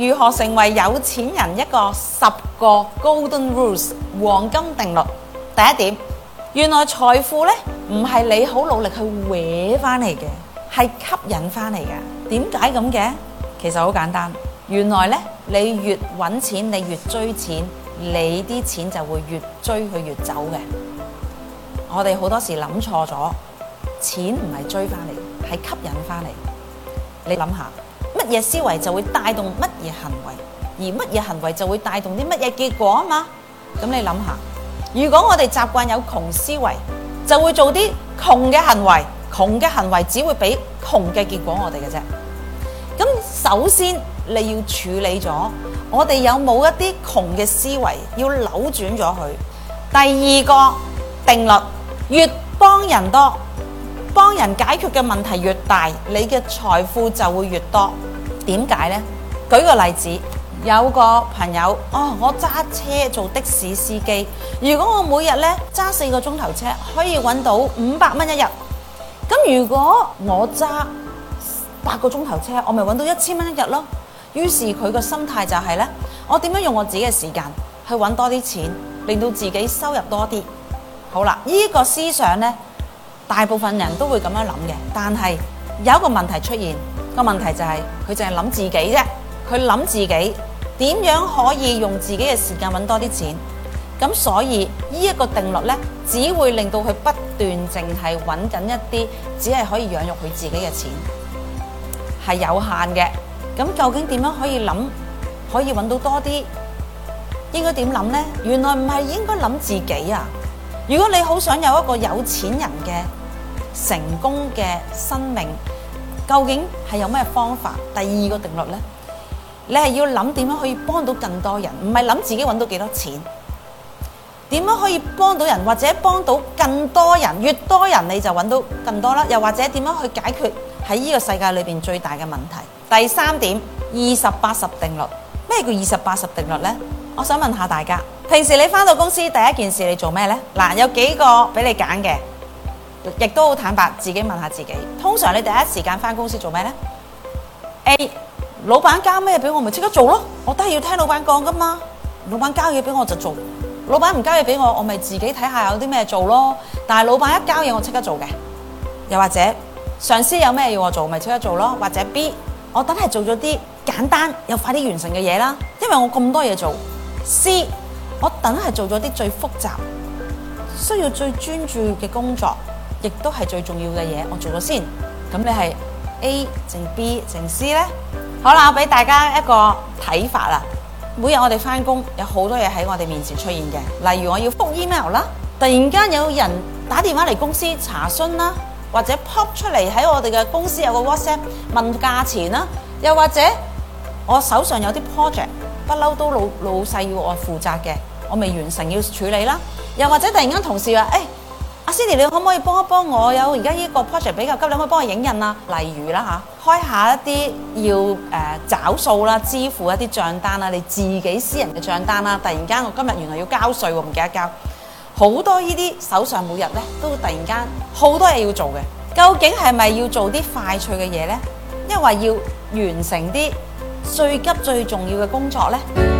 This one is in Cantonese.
如何成為有錢人？一個十個 Golden Rules 黃金定律。第一點，原來財富咧唔係你好努力去搲翻嚟嘅，係吸引翻嚟嘅。點解咁嘅？其實好簡單，原來咧你越搵錢，你越追錢，你啲錢就會越追佢越走嘅。我哋好多時諗錯咗，錢唔係追翻嚟，係吸引翻嚟。你諗下。嘢思維就會帶動乜嘢行為，而乜嘢行為就會帶動啲乜嘢結果啊嘛。咁你諗下，如果我哋習慣有窮思維，就會做啲窮嘅行為，窮嘅行為只會俾窮嘅結果我哋嘅啫。咁首先你要處理咗我哋有冇一啲窮嘅思維，要扭轉咗佢。第二個定律，越幫人多，幫人解決嘅問題越大，你嘅財富就會越多。點解呢？舉個例子，有個朋友哦，我揸車做的士司機。如果我每日呢揸四個鐘頭車，可以搵到五百蚊一日。咁如果我揸八個鐘頭車，我咪搵到一千蚊一日咯。於是佢個心態就係呢：「我點樣用我自己嘅時間去搵多啲錢，令到自己收入多啲。好啦，呢個思想呢，大部分人都會咁樣諗嘅。但係有一個問題出現。個問題就係佢淨係諗自己啫，佢諗自己點樣可以用自己嘅時間揾多啲錢，咁所以呢一個定律咧，只會令到佢不斷淨係揾緊一啲只係可以養育佢自己嘅錢，係有限嘅。咁究竟點樣可以諗，可以揾到多啲？應該點諗咧？原來唔係應該諗自己啊！如果你好想有一個有錢人嘅成功嘅生命。究竟係有咩方法？第二個定律呢，你係要諗點樣可以幫到更多人，唔係諗自己揾到幾多錢。點樣可以幫到人，或者幫到更多人？越多人你就揾到更多啦。又或者點樣去解決喺呢個世界裏邊最大嘅問題？第三點，二十八十定律。咩叫二十八十定律呢？我想問下大家，平時你翻到公司第一件事你做咩呢？嗱，有幾個俾你揀嘅。亦都好坦白，自己問下自己。通常你第一時間返公司做咩咧？A. 老闆交咩俾我，咪即刻做咯。我都係要聽老闆講㗎嘛。老闆交嘢俾我就做，老闆唔交嘢俾我，我咪自己睇下有啲咩做咯。但係老闆一交嘢，我即刻做嘅。又或者上司有咩要我做，咪即刻做咯。或者 B. 我等係做咗啲簡單又快啲完成嘅嘢啦，因為我咁多嘢做。C. 我等係做咗啲最複雜、需要最專注嘅工作。亦都係最重要嘅嘢，我做咗先。咁你係 A 定 B 定 C 呢？好啦，我俾大家一個睇法啦。每日我哋翻工，有好多嘢喺我哋面前出現嘅。例如我要覆 email 啦，突然間有人打電話嚟公司查詢啦，或者 pop 出嚟喺我哋嘅公司有個 WhatsApp 問價錢啦，又或者我手上有啲 project，不嬲都老老細要我負責嘅，我未完成要處理啦，又或者突然間同事話，哎 Judy，你可唔可以幫一幫我？我有而家呢個 project 比較急，你可以幫我影印啊，例如啦嚇，開一下一啲要誒、呃、找數啦、支付一啲帳單啦、你自己私人嘅帳單啦。突然間我今日原來要交稅喎，唔記得交。好多呢啲手上每日咧都突然間好多嘢要做嘅，究竟係咪要做啲快脆嘅嘢咧？因為要完成啲最急最重要嘅工作咧？